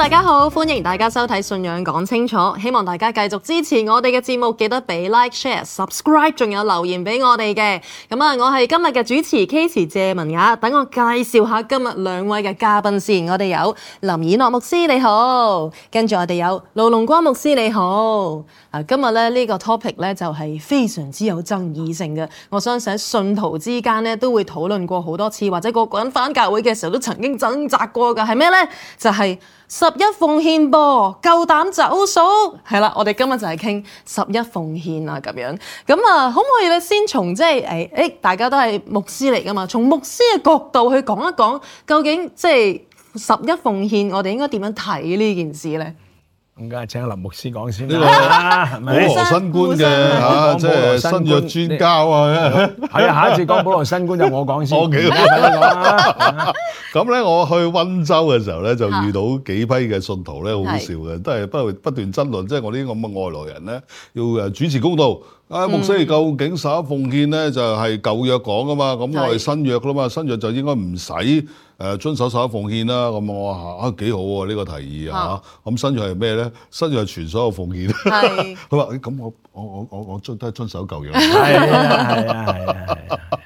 大家好，歡迎大家收睇《信仰講清楚》，希望大家繼續支持我哋嘅節目，記得俾 like、share、subscribe，仲有留言俾我哋嘅。咁啊，我係今日嘅主持 Katie 謝文雅，等我介紹下今日兩位嘅嘉賓先。我哋有林以諾牧師，你好；跟住我哋有盧龍光牧師，你好。啊，今日咧呢個 topic 咧就係非常之有爭議性嘅，我相信信徒之間咧都會討論過好多次，或者各個人返教會嘅時候都曾經掙扎過嘅，係咩呢？就係、是。十一奉獻噃，夠膽走數係啦！我哋今日就係傾十一奉獻啊咁樣，咁啊，可唔可以咧先從即係誒誒，大家都係牧師嚟噶嘛，從牧師嘅角度去講一講，究竟即係十一奉獻，我哋應該點樣睇呢件事咧？咁梗係請林牧師講先呢啦，保羅新、啊、新觀嘅嚇，即係新約專家啊！係啊，下一次講保羅新觀，就我講先說。我記得啦。咁咧，我去溫州嘅時候咧，就遇到幾批嘅信徒咧，好好笑嘅，啊、都係不不斷爭論，即、就、係、是、我呢啲咁嘅外來人咧，要誒主持公道。啊、哎，牧師究竟十一奉獻咧，就係、是、舊約講噶嘛，咁我係新約啦嘛，新約就應該唔使誒遵守十一奉獻啦，咁我話啊幾好喎，啊、呢、這個提議啊，咁新約係咩咧？新約係全所有奉獻。佢話咁我我我我我都都係遵守舊約。係啊係啊係啊！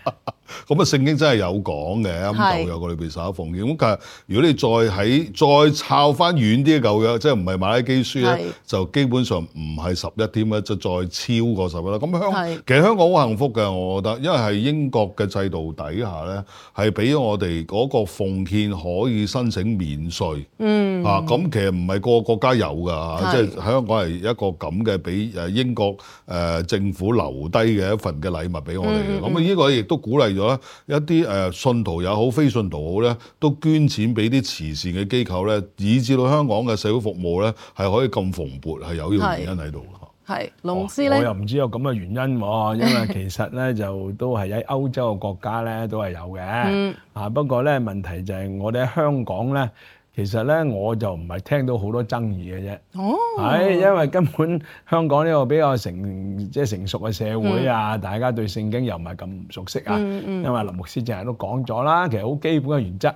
咁啊，聖經真係有講嘅，咁舊約裏邊十一奉獻。咁但係如果你再喺再抄翻遠啲嘅舊約，即係唔係馬拉基書咧，是就基本上唔係十一點一，就再超過十一啦。咁香是其實香港好幸福嘅，我覺得，因為係英國嘅制度底下咧，係俾我哋嗰個奉獻可以申請免稅。嗯，啊，咁其實唔係個個國家有㗎是、啊，即係香港係一個咁嘅俾誒英國誒、呃、政府留低嘅一份嘅禮物俾我哋嘅。咁啊、嗯，呢個亦都鼓勵咗。一啲誒信徒也好，非信徒好咧，都捐錢俾啲慈善嘅機構咧，以至到香港嘅社會服務咧係可以咁蓬勃，係有呢個原因喺度。係，龍師咧，我又唔知有咁嘅原因，因為其實咧就都係喺歐洲嘅國家咧都係有嘅。嗯，啊不過咧，問題就係我哋喺香港咧。其實咧，我就唔係聽到好多爭議嘅啫，係、oh, 因為根本香港呢個比較成即係、就是、成熟嘅社會啊，mm hmm. 大家對聖經又唔係咁唔熟悉啊。Mm hmm. 因為林牧師啱先都講咗啦，其實好基本嘅原則。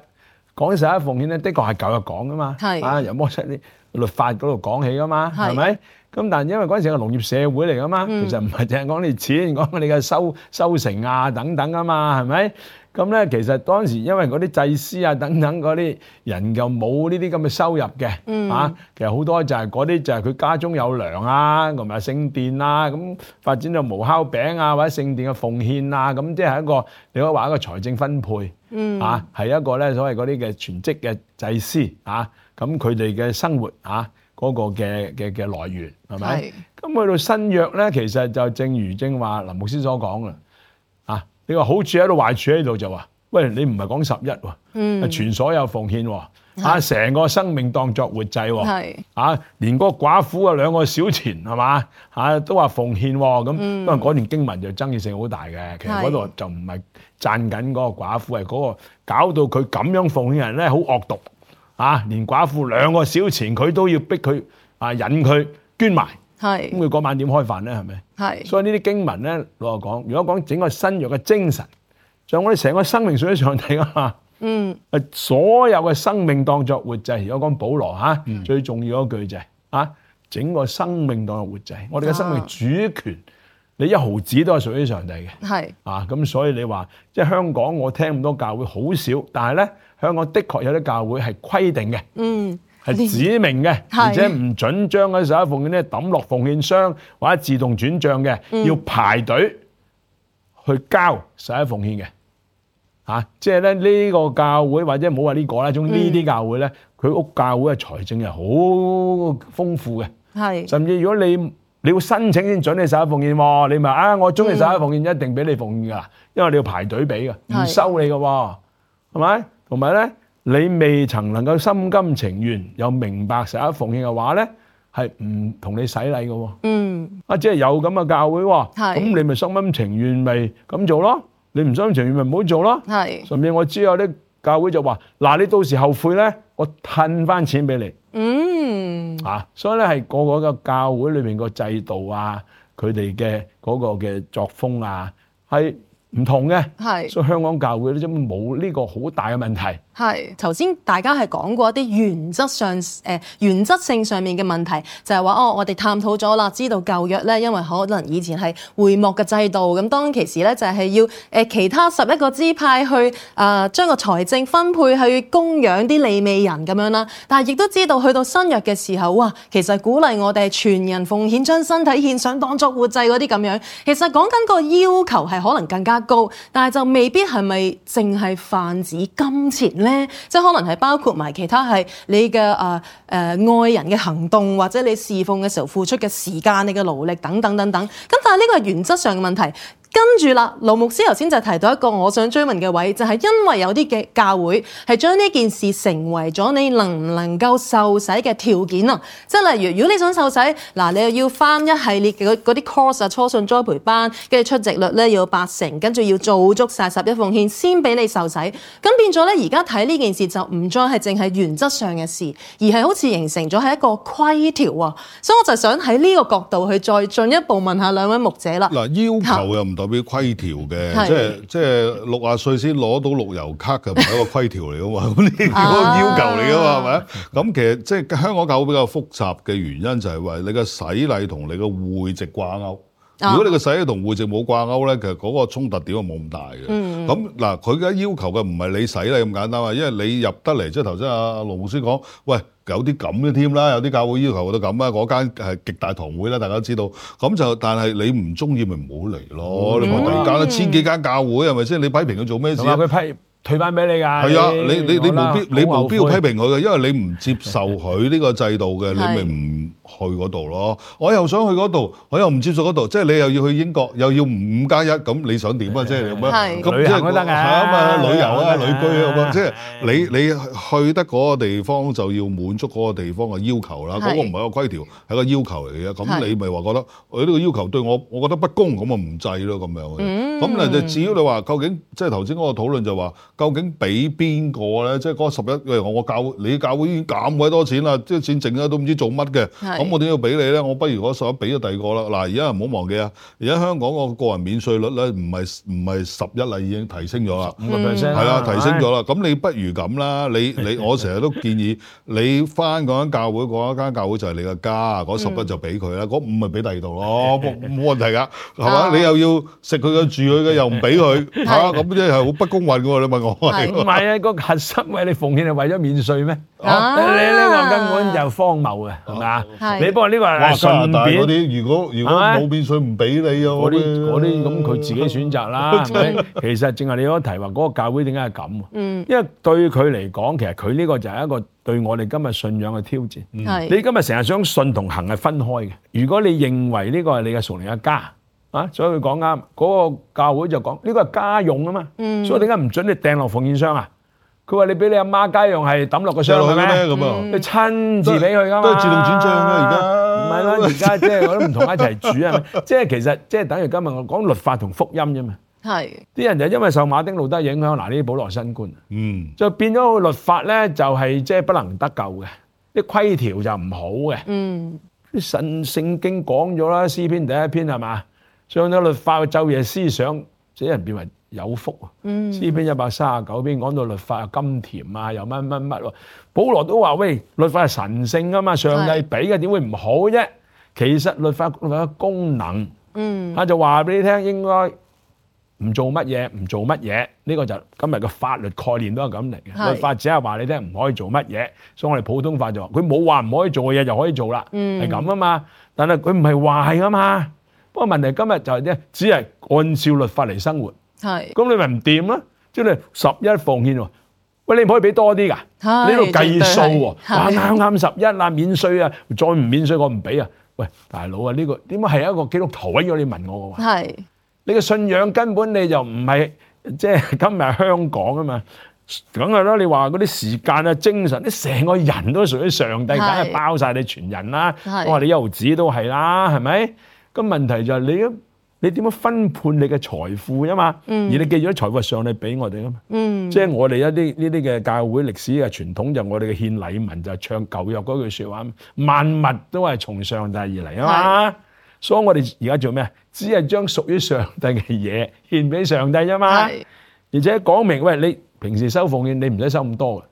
講十一奉獻咧，的確係舊約講噶嘛，係的啊，由摩西啲律法嗰度講起噶嘛，係咪、mm？咁、hmm. 的但係因為嗰陣時係農業社會嚟噶嘛，其實唔係淨係講你錢，講你嘅收收成啊等等噶嘛，係咪？咁咧，其實當時因為嗰啲祭司啊等等嗰啲人就冇呢啲咁嘅收入嘅，嗯、啊，其實好多就係嗰啲就係佢家中有糧啊，同埋聖殿啊，咁發展到無烤餅啊，或者聖殿嘅奉獻啊，咁即係一個你可以話一個財政分配，嗯、啊，係一個咧所謂嗰啲嘅全職嘅祭司啊，咁佢哋嘅生活啊，嗰、嗰個嘅嘅嘅來源係咪？咁去是到，到新約咧，其實就正如正話林牧師所講嘅。你話好處喺度，壞處喺度就話，喂你唔係講十一喎，全所有奉獻喎，啊成個生命當作活祭喎，啊連個寡婦嘅兩個小錢係嘛，啊都話奉獻喎，咁因為嗰段經文就爭議性好大嘅，其實嗰度就唔係讚緊嗰個寡婦，係嗰個搞到佢咁樣奉獻人咧好惡毒，啊連寡婦兩個小錢佢都、都要逼佢啊引佢捐埋。係，咁佢是嗰晚點開飯咧，係咪？係是。所以呢啲經文咧，老實講，如果講整個新約嘅精神，就我哋成個生命屬於上帝啊嘛。嗯。誒，所有嘅生命當作活祭。如果講保羅嚇，啊嗯、最重要一句就係、是、啊，整個生命當作活祭。我哋嘅生命主權，啊、你一毫子都係屬於上帝嘅。係是。啊，咁所以你話，即係香港，我聽咁多教會好少，但係咧，香港的確有啲教會係規定嘅。嗯。係指明嘅，而且唔準將啲十一奉獻咧抌落奉獻箱或者自動轉賬嘅，要排隊去交十一奉獻嘅。嚇，即係咧呢個教會或者冇話呢個啦，總之呢啲教會咧，佢屋教會嘅財政係好豐富嘅，甚至如果你你要申請先準你十一奉獻喎，你咪啊，我中意十一奉獻，一定俾你奉獻㗎，因為你要排隊俾㗎，唔收你嘅喎，係咪？同埋咧。你未曾能夠心甘情願又明白十一奉獻嘅話咧，係唔同你洗禮嘅喎。嗯，啊，即係有咁嘅教會喎，咁你咪心甘情願咪咁做咯。你唔心甘情願咪唔好做咯。係，順便我知有啲教會就話：嗱，你到時後悔咧，我褪翻錢俾你。嗯，啊，所以咧係個個嘅教會裏面個制度啊，佢哋嘅嗰個嘅作風啊，係唔同嘅。係，所以香港教會咧，就冇呢個好大嘅問題。係頭先大家係講過一啲原則上誒、呃、原則性上面嘅問題，就係、是、話哦，我哋探討咗啦，知道舊約咧，因為可能以前係會幕嘅制度，咁當其時咧就係、是、要誒、呃、其他十一個支派去啊將、呃、個財政分配去供養啲利未人咁樣啦。但係亦都知道去到新約嘅時候，哇，其實鼓勵我哋全人奉獻，將身體獻上當作活祭嗰啲咁樣。其實講緊個要求係可能更加高，但係就未必係咪淨係泛指金錢咧？即係可能係包括埋其他係你嘅誒誒愛人嘅行動，或者你侍奉嘅時候付出嘅時間、你嘅勞力等等等等。咁但係呢個係原則上嘅問題。跟住啦，盧牧師頭先就提到一個我想追問嘅位，就係因為有啲嘅教會係將呢件事成為咗你能唔能夠受洗嘅條件啊！即係例如如果你想受洗，嗱你又要翻一系列嘅嗰啲 course 啊、初信栽培班，跟住出席率咧要八成，跟住要做足晒十一奉獻先俾你受洗。咁變咗咧，而家睇呢件事就唔再係淨係原則上嘅事，而係好似形成咗係一個規條啊！所以我就想喺呢個角度去再進一步問下兩位牧者啦。嗱，要求又唔同。規條嘅，即係即係六啊歲先攞到樂悠卡嘅，唔係一個規條嚟啊嘛，咁 呢個要求嚟啊嘛，係咪？咁其實即係香港教會比較複雜嘅原因就係話你嘅洗禮同你嘅會籍掛鈎。如果你嘅洗禮同會籍冇掛鈎咧，其實嗰個衝突點係冇咁大嘅。咁嗱，佢而家要求嘅唔係你洗禮咁簡單啊，因為你入得嚟，即係頭先阿盧牧師講，喂。有啲咁嘅添啦，有啲教會要求到咁啊，嗰間係極大堂會啦，大家都知道。咁就，但係你唔中意咪唔好嚟咯。嗯、你望第一間啦，千幾間教會係咪先？你批評佢做咩事？同埋佢批退翻俾你㗎。係啊，你你你冇必你冇必要批評佢嘅，因為你唔接受佢呢個制度嘅，你咪唔去嗰度咯。我又想去嗰度，我又唔接受嗰度，即係你又要去英國，又要五加一咁，你想點啊？即係咁樣咁即係係啊，旅遊啊，旅居啊，即係你你去得嗰個地方就要滿足嗰個地方嘅要求啦。嗰個唔係個規條，係個要求嚟嘅。咁你咪話覺得我呢個要求對我，我覺得不公，咁啊唔制咯咁樣。咁嗱就至於你話究竟即係頭先嗰個討論就話。究竟俾邊個咧？即係嗰十一，因為我嘅教會，你教會已經咁鬼多錢啦，即係錢剩咗都唔知做乜嘅。咁我點要俾你咧？我不如嗰十一俾咗第二個啦。嗱，而家唔好忘記啊！而家香港個個人免稅率咧，唔係唔係十一啦，已經提升咗啦。係啊，提升咗啦。咁你不如咁啦。你你我成日都建議你返嗰間教會，嗰一間教會就係你嘅家。嗰十一就俾佢啦，嗰五咪俾第二度咯。冇冇問題㗎，係嘛？你又要食佢嘅住佢嘅，又唔俾佢，係啊，咁即係好不公允㗎喎！你問我？唔係啊，個核心為你奉獻係為咗免稅咩？你呢個根本就荒謬嘅，係咪啊？你不過呢個係順便。我唔代表你，如果如果冇免稅唔俾你啊，我啲我啲咁佢自己選擇啦。其實淨係你嗰個提話，嗰個教會點解係咁？嗯，因為對佢嚟講，其實佢呢個就係一個對我哋今日信仰嘅挑戰。係你今日成日想信同行係分開嘅。如果你認為呢個係你嘅屬靈嘅家。啊！所以佢講啱，嗰、那個教會就講呢、這個係家用啊嘛，嗯、所以點解唔准你掟落奉獻箱啊？佢話你俾你阿媽家用係抌落個箱度咩咁啊？你親自俾佢吖嘛，都係自動轉帳㗎而家。唔係啦，而家即係我都唔同佢一齊住啊！ 即係其實即係等於今日我講律法同福音啫嘛。係啲是人就因為受馬丁路德影響，嗱呢啲保羅新觀，嗯，就變咗個律法咧，就係即係不能得救嘅，啲規條就唔好嘅，嗯，神聖經講咗啦，詩篇第一篇係嘛？將啲律法嘅晝夜思想，使人變為有福啊！嗯、詩篇一百三十九篇講到律法又甘甜啊，又乜乜乜喎！保羅都話：喂，律法係神聖啊嘛，上帝俾嘅，點會唔好啫？其實律法律法嘅功能，嚇、嗯、就話俾你聽，應該唔做乜嘢，唔做乜嘢。呢、呢個就今日嘅法律概念都係咁嚟嘅。是律法只係話你聽唔可以做乜嘢，所以我哋普通法就話佢冇話唔可以做嘅嘢就可以做啦，係咁啊嘛。但係佢唔係壞啊嘛。個問題今日就係呢，只係按照律法嚟生活，係。咁你咪唔掂咯？即係你十一奉獻喎，喂，你唔可以俾多啲噶？呢度計數喎，話啱啱十一啊，免稅啊，再唔免稅我唔俾啊。喂，大佬啊，呢個點解係一個基督徒咁樣？你問我喎，係。你嘅信仰根本你就唔係即係今日香港啊嘛，梗係啦。你話嗰啲時間啊、精神，你成個人都屬於上帝，梗係包曬你全人啦。我話你一毫子都係啦，係咪？個問題就係你咁，你點樣分判你嘅財富啊嘛？嗯、而你記住喺財富上嚟俾我哋啊嘛？嗯、即係我哋一啲呢啲嘅教會歷史嘅傳統就我哋嘅獻禮文就係、唱舊約嗰句說話，萬物都係從上帝而嚟啊嘛。嗯、所以我哋而家做咩？只係將屬於上帝嘅嘢獻俾上帝啊嘛。嗯、而且講明，喂，你平時收奉獻你唔使收咁多。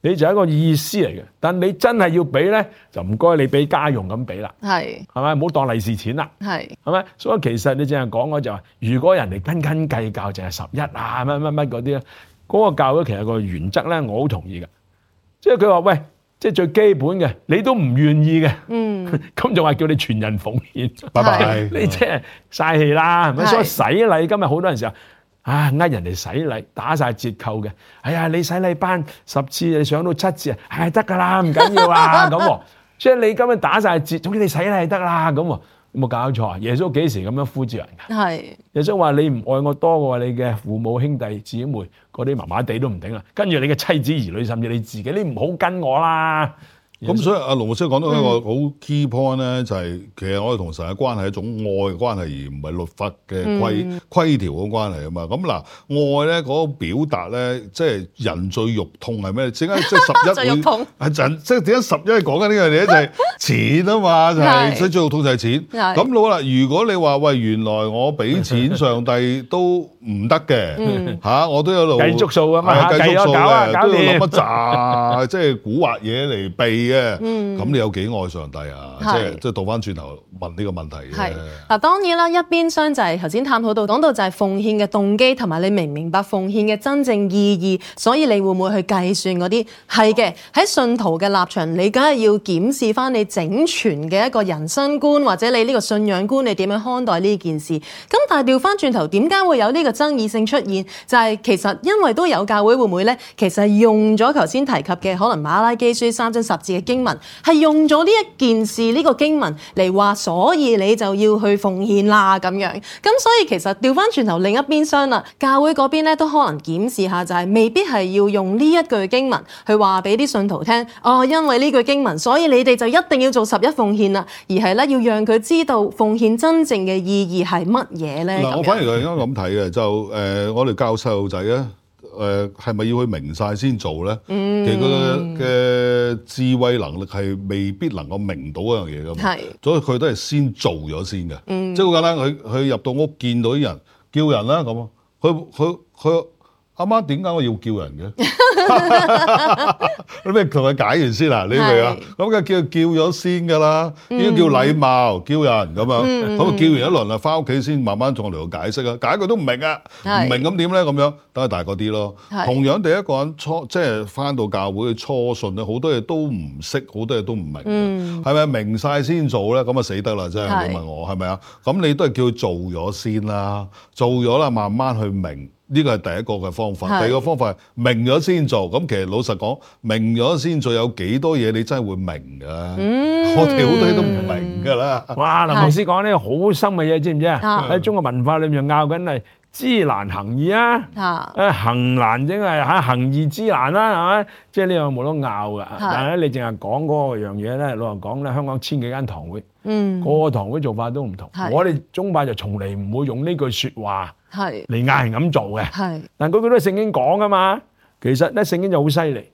你就係一個意思嚟嘅，但你真係要俾咧，就唔該你俾家用咁俾啦，係係咪？唔好當利是錢啦，係係咪？所以其實你正話講嗰就係，如果人哋斤斤計較，淨係十一啊乜乜乜嗰啲咧，嗰個教會其實個原則咧，我好同意嘅，即係佢話喂，即係最基本嘅，你都唔願意嘅，嗯，咁就話叫你全人奉獻，拜拜，你即係嘥氣啦，係咪？所以洗禮今日好多人時候。啊！呃，人哋洗禮，打晒折扣嘅。哎呀，你洗禮班十次，你上到七次，哎、係啊，係得噶啦，唔緊要啊咁喎。即係你今日打晒折，總之你洗禮得啦咁喎。有冇，啊、搞錯啊？耶穌幾時咁樣呼召人噶？係是耶穌話：你唔愛我多過你嘅父母兄弟姊妹嗰啲麻麻地都唔頂啦。跟住你嘅妻子兒女，甚至你自己，你唔好跟我啦。咁、嗯、所以阿龍老師講到一個好 key point 咧，就係、是、其實我哋同神嘅關係係一種愛嘅關係，關係而唔係律法嘅規、嗯、規條嘅關係啊嘛。咁、嗯、嗱、嗯，愛咧嗰個表達咧，即係人最肉痛係咩？點解即係十一會係人？即係點解十一係講緊呢樣嘢就係錢啊嘛，就係、是、最是最肉痛就係錢。咁是是好啦，如果你話喂原來我俾錢上帝都唔得嘅嚇，我都有度計足數啊嘛，計咗數啊，數搞諗一陣？即係古惑嘢嚟避。就是嘅，咁、嗯、你有幾愛上帝啊？是即係即係倒翻轉頭問呢個問題嘅。嗱，當然啦，一邊廂就係頭先探討到講到就係奉獻嘅動機，同埋你明唔明白奉獻嘅真正意義？所以你會唔會去計算嗰啲？係嘅，喺信徒嘅立場，你梗係要檢視翻你整全嘅一個人生觀，或者你呢個信仰觀，你點樣看待呢件事？咁但係調翻轉頭，點解會有呢個爭議性出現？就係、是、其實因為都有教會會唔會咧，其實用咗頭先提及嘅可能馬拉基書三章十節。經文係用咗呢一件事，呢、呢個經文嚟話，所以你就要去奉獻啦咁樣。咁、嗯、所以其實調翻轉頭另一邊廂啦，教會嗰邊咧都可能檢視下、就係，就係未必係要用呢一句經文去話俾啲信徒聽。哦，因為呢句經文，所以你哋就一定要做十一奉獻啦。而係咧要讓佢知道奉獻真正嘅意義係乜嘢咧。嗱，我反而佢應該咁睇嘅就誒、呃，我哋教細路仔啊。誒係咪要去明晒先做咧？嗯、其實佢嘅智慧能力係未必能夠明到一樣嘢㗎嘛，是所以佢都係先做咗先嘅。嗯、即係好簡單，佢佢入到屋見到啲人，叫人啦、啊、咁，佢佢佢。阿媽點解我要叫人嘅？ 你咪同佢解完先啊？你明啊？咁佢是、嗯、叫佢叫咗先噶啦，呢叫禮貌，叫人咁樣。咁、嗯嗯、叫完一輪啦，翻屋企先慢慢再嚟度解釋啊！解佢都唔明啊，唔是明咁點咧？咁樣等佢大個啲咯。同樣第一個人初即係翻到教會初信咧，好多嘢都唔識，好多嘢都唔明，係咪、嗯、明晒是先做咧？咁啊死得啦！真係你問我係咪啊？咁你都係叫佢做咗先啦，做咗啦，慢慢去明。呢個係第一個嘅方法，第二個方法係明咗先做。咁其實老實講，明咗先做有幾多嘢你真係會明㗎？嗯、我哋好多嘢都唔明㗎啦、嗯。哇！林老師講呢個好深嘅嘢，是知唔知啊？喺、哦、中國文化裏面拗緊係。知難行易啊！誒行難正係喺行易知難啦，係咪？即係呢樣冇得拗嘅。但係咧，你淨係講嗰個樣嘢咧，老實講咧，香港千幾間堂會，嗯，個個堂會做法都唔同。我哋宗派就從嚟唔會用呢句説話嚟嗌人咁做嘅。係，但句句都係聖經講嘅嘛。其實咧，聖經就好犀利，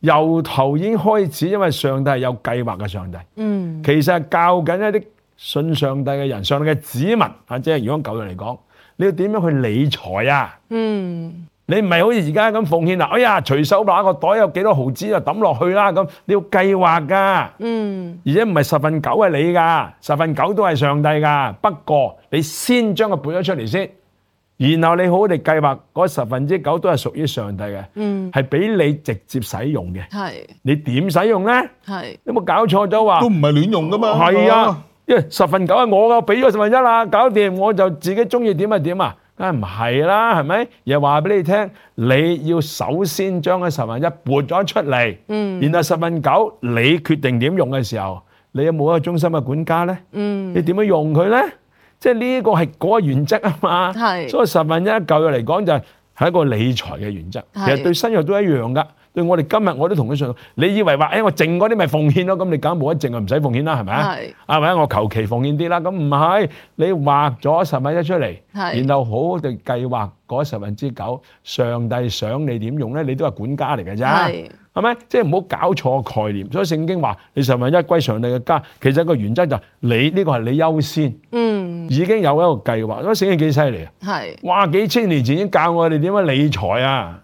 由頭已經開始，因為上帝係有計劃嘅上帝。嗯，其實教緊一啲信上帝嘅人，上帝嘅子民啊，即係如果舊人嚟講。你要點樣去理財啊？嗯，你唔係好似而家咁奉獻啊？哎呀，隨手攞個袋有幾多毫子就抌落去啦咁。你要計劃噶，嗯，而且唔係十分九係你噶，十分九都係上帝噶。不過你先將佢背咗出嚟先，然後你好好地計劃嗰十分之九都係屬於上帝嘅，嗯，係俾你直接使用嘅。係，你點使用咧？係，有冇搞錯咗話？都唔係亂用噶嘛，係啊。因為十分九係我嘅，我俾咗十分一啦，搞掂，我就自己中意點就點啊，梗係唔係啦，係咪？又話俾你聽，你要首先將嗰十分一撥咗出嚟，嗯，然後十分九你決定點用嘅時候，你有冇一個忠心嘅管家咧？嗯，你點樣用佢咧？即係呢一個係嗰個原則啊嘛，係是，所以十分一舊約嚟講就係係一個理財嘅原則，是其實對新約都一樣噶。所以我哋今日我都同佢上。你以為話誒、哎、我淨嗰啲咪奉獻咯？咁你講冇得淨是啊，唔使奉獻啦，係咪啊？係，係咪我求其奉獻啲啦。咁唔係你劃咗十分之一出嚟，然後好好地計劃嗰十分之九，上帝想你點用咧？你都係管家嚟㗎咋？係是，係咪？即係唔好搞錯概念。所以聖經話你十分之一歸上帝嘅家，其實個原則就係、是、你呢個係你優先。嗯，已經有一個計劃。所以聖經幾犀利啊？係是。哇是！幾千年前已經教我哋點樣理財啊！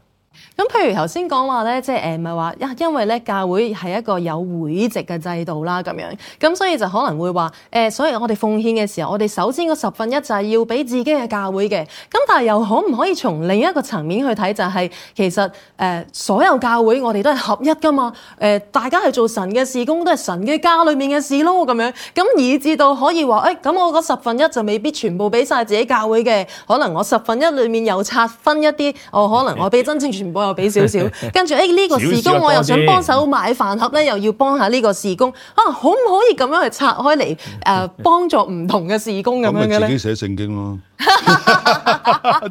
咁譬如頭先講話咧，即係誒，唔係話，因為咧，教會係一個有會籍嘅制度啦，咁樣，咁所以就可能會話誒、呃、所以我哋奉獻嘅時候，我哋首先個十分一就係要俾自己嘅教會嘅。咁但係又可唔可以從另一個層面去睇，就係、是、其實誒、呃、所有教會我哋都係合一噶嘛，誒、呃、大家去做神嘅事工，工都係神嘅家裏面嘅事咯，咁樣，咁以至到可以話誒，咁我嗰十分一就未必全部俾晒自己教會嘅，可能我十分一裏面又拆分一啲，哦，可能我俾真正全部有。俾少少， 跟住誒呢個事工我又想幫手買飯盒咧，又要幫下呢個事工啊，可唔可以咁樣去拆開嚟誒幫助唔同嘅事工咁樣嘅咧？自己寫聖經囉。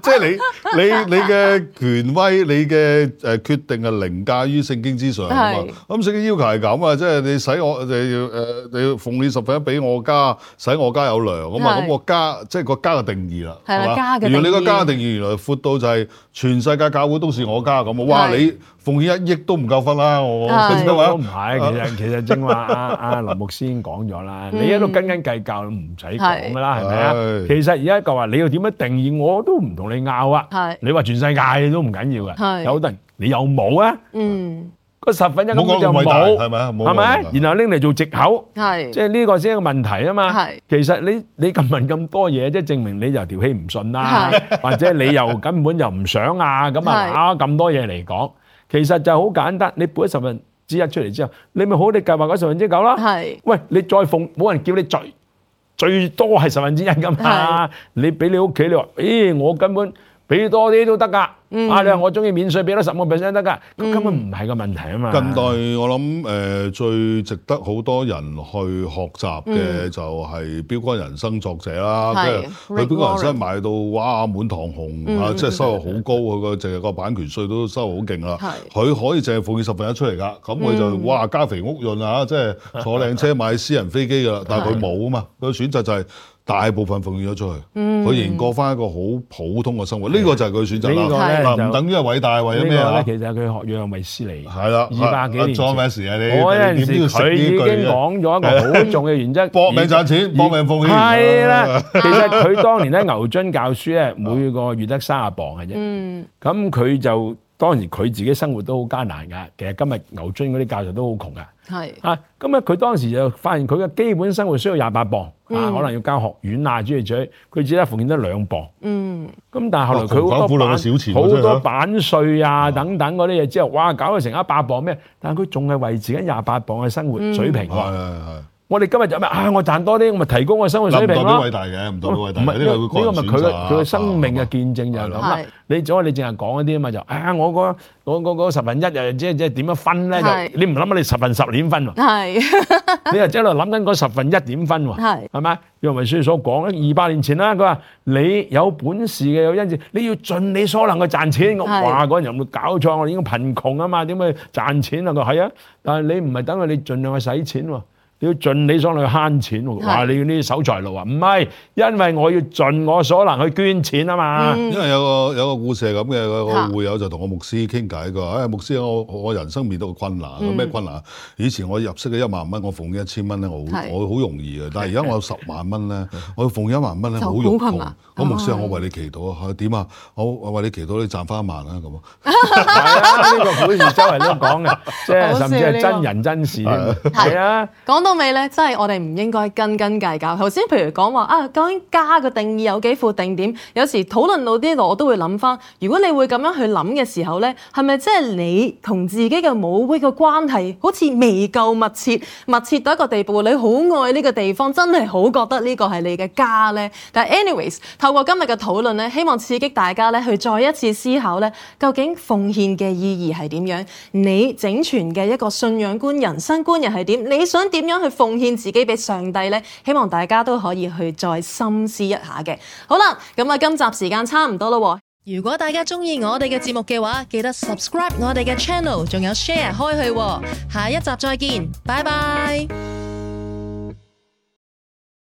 即係你你你嘅權威，你嘅誒決定係凌駕於聖經之上，咁聖經要求係咁啊，即係你使我就要誒，你要奉你十分一俾我家，使我家有糧咁啊！咁個家即係個家嘅定義啦，係嘛？如果你個家庭原來闊到就係全世界教會都是我家咁，哇！你奉獻一億都唔夠分啦，我咁唔係，其實其實正話阿阿林牧師已經講咗啦，你一度斤斤計較唔使講㗎啦，係咪啊？其實而家就話你。要點樣定義我都唔同你拗啊！你話全世界都唔緊要嘅，有啲人你有冇啊？嗯，個十分一根本就冇，係咪？係咪？然後拎嚟做藉口，係即係呢個先係個問題啊嘛！係其實你你咁問咁多嘢，即係證明你又條氣唔順啦，或者你又根本又唔想啊！咁啊，攞咁多嘢嚟講，其實就係好簡單。你撥咗十分之一出嚟之後，你咪好啲計劃嗰十分之九啦。係，喂，你再奉冇人叫你罪。最多係十分之一㗎嘛！你俾你屋企你話，咦、哎！我根本。俾多啲都得噶，啊你話我中意免稅俾多十個 percent 得噶，咁根本唔係個問題啊嘛。Ä, 近代我諗誒最值得好多人去學習嘅就係標杆人生作者啦，即係佢標杆人生買到哇滿堂紅啊，即係收入好高，佢個淨係個版權稅都收入好勁啦。佢可以淨係奉獻十分一出嚟噶，咁佢、嗯、就哇家肥屋潤啊，即係坐靚車買私人飛機噶啦，但係佢冇啊嘛，佢 選擇就係、是。大部分奉獻咗出去，佢仍然過翻一個好普通嘅生活。呢、嗯、個就係佢選擇啦。嗱的，唔等於係偉大，為咗咩啊？其實佢學衛斯理嚟，係啦的，二百幾年。唔錯嘅事啊！你我都要食佢已經講咗一個好重嘅原則：搏 命賺錢，搏 命奉獻。係啦的， 其實佢當年咧，牛津教書咧，每個月得卅啊磅嘅啫。咁佢、嗯、就當然佢自己生活都好艱難㗎。其實今日牛津嗰啲教授都好窮㗎。係是啊，咁啊，佢當時就發現佢嘅基本生活需要廿八磅啊，可能要交學院啊之類之類，佢只係奉獻得兩磅。嗯，咁但係後來佢好多好、啊、多版稅啊等等嗰啲嘢之後，哇，搞到成一百磅咩？但係佢仲係維持緊廿八磅嘅生活水平。嗯，是是是我哋今日就咩啊？我賺多啲，我咪提高我生活水平咯。林大偉大嘅，唔同嘅偉大。呢個咪佢嘅佢嘅生命嘅見證就係咁。你因為你淨係講一啲啊嘛，就啊我個十分一又即即點樣分咧？就你唔諗乜？你十分十點分喎？你又即係諗緊嗰十分一點分喎？係咪？楊文書所講，二百年前啦，佢話你有本事嘅有恩賜，你要盡你所能去賺錢。我話嗰人有冇搞錯？我哋應該貧窮啊嘛？點去賺錢啊？佢係啊，但係你唔係等佢，你儘量去使錢喎。要盡你所能去慳錢，哇！你要呢啲守財奴啊？唔係，因為我要盡我所能去捐錢啊嘛。因為有個有個故事係咁嘅，個會友就同我牧師傾偈，佢話，誒牧師，我我人生面到個困難，咩困難啊？以前我入息嘅一萬蚊，我奉緊一千蚊咧，我我好容易啊。但係而家我有十萬蚊咧，我要奉一萬蚊咧，好困難。我牧師，我為你祈禱啊！點啊？我我為你祈禱，你賺翻一萬啦咁。係啊，呢個故事周圍都講嘅，即係甚至係真人真事。係啊，講到。尾咧，真係我哋唔應該斤斤計較。頭先譬如講話啊，究竟家嘅定義有幾副定點？有時討論到呢度，我都會諗翻。如果你會咁樣去諗嘅時候咧，係咪即係你同自己嘅母會嘅關係好似未夠密切，密切到一個地步？你好愛呢個地方，真係好覺得個呢個係你嘅家咧。但係 anyways，透過今日嘅討論咧，希望刺激大家咧去再一次思考咧，究竟奉獻嘅意義係點樣？你整全嘅一個信仰觀、人生觀又係點？你想點樣。去奉獻自己俾上帝呢，希望大家都可以去再深思一下嘅。好啦，咁啊，今集時間差唔多咯。如果大家中意我哋嘅節目嘅話，記得 subscribe 我哋嘅 channel，仲有 share 開去。下一集再見，拜拜。